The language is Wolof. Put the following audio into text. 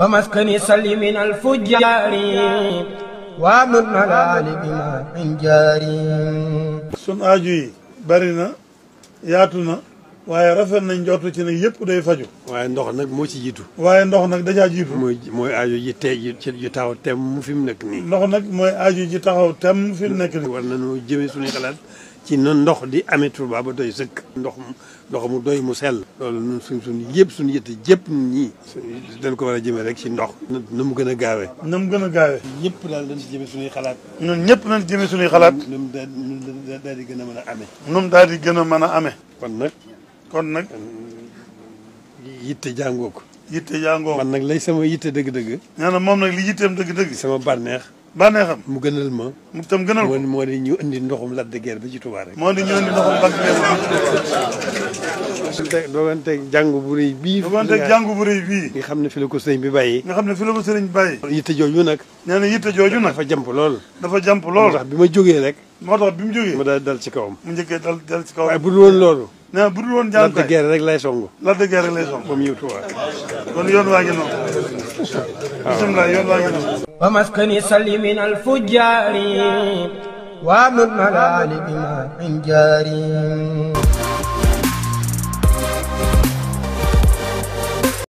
ومسكن صل من الفجار وامرنا العالي بما من جاري سن اجي برنا ياتنا waaye rafet nañ njortu ci ne yëpp day faju waaye ndox nag moo ci jiitu waaye ndox nag dajaa jiitu mooy mooy aajo ji tey ji taxaw mu fi mu nekk nii ndox nag mooy aajo ji taxaw temm fi mu nekk nii war nañoo jëme suñu xalaat ci noonu ndox di amee Tuuba ba doy sëkk ndox mu ndox mu doy mu sell loolu suñ suñ yëpp suñu yëtte jëpp ñun ñii dañ ko war a jëmee rek ci ndox na mu gën a gaawe na mu gën a gaawee ñëpp daal dañ ci jëmee suñuy xalaat ñun ñëpp na ci jëmee suñuy xalaat num daal di gën a mën a amee num daal di gën a mën a amee kon nag kon nag. yitte jàngoo ko. yitte jàngoo man nag lay sama yitte dëgg-dëgg. nee moom nag li yitteem dëgg-dëgg. sama bànneex. bànneexam mu gënal ma. mu itam gënal ko moo di ñu indi ndoxum Lac de Guiers ba ci Touba rek. moo di ñu indi ndoxum Lac de Guiers ba ci Touba. dooganteeg jàngu bu bii. dooganteeg jàngu bu rëy bii. nga xam ne fi la ko sëriñ bi bàyyi. nga xam ne fi la ko sëriñ bi bàyyi. yitte jooju nag. nee yitte jooju nag dafa jàmp lool. dafa jàmp lool moo tax bi ma jógee rek. moo tax bi mu jógee. mu daal dal ci kawam. mu njëkkee dal dal ci kawam. waaye bu dul loolu. nee bu dul woon jaamu kay Lac de Guiers rek lay songu. Lac de Guiers rek lay songu. comme yow Touba. kon yoon waa ngi noonu. waaw bisimilah yoon waa ngi noonu. wa maskani salli min al fujjaari wa amul malaali bima injaari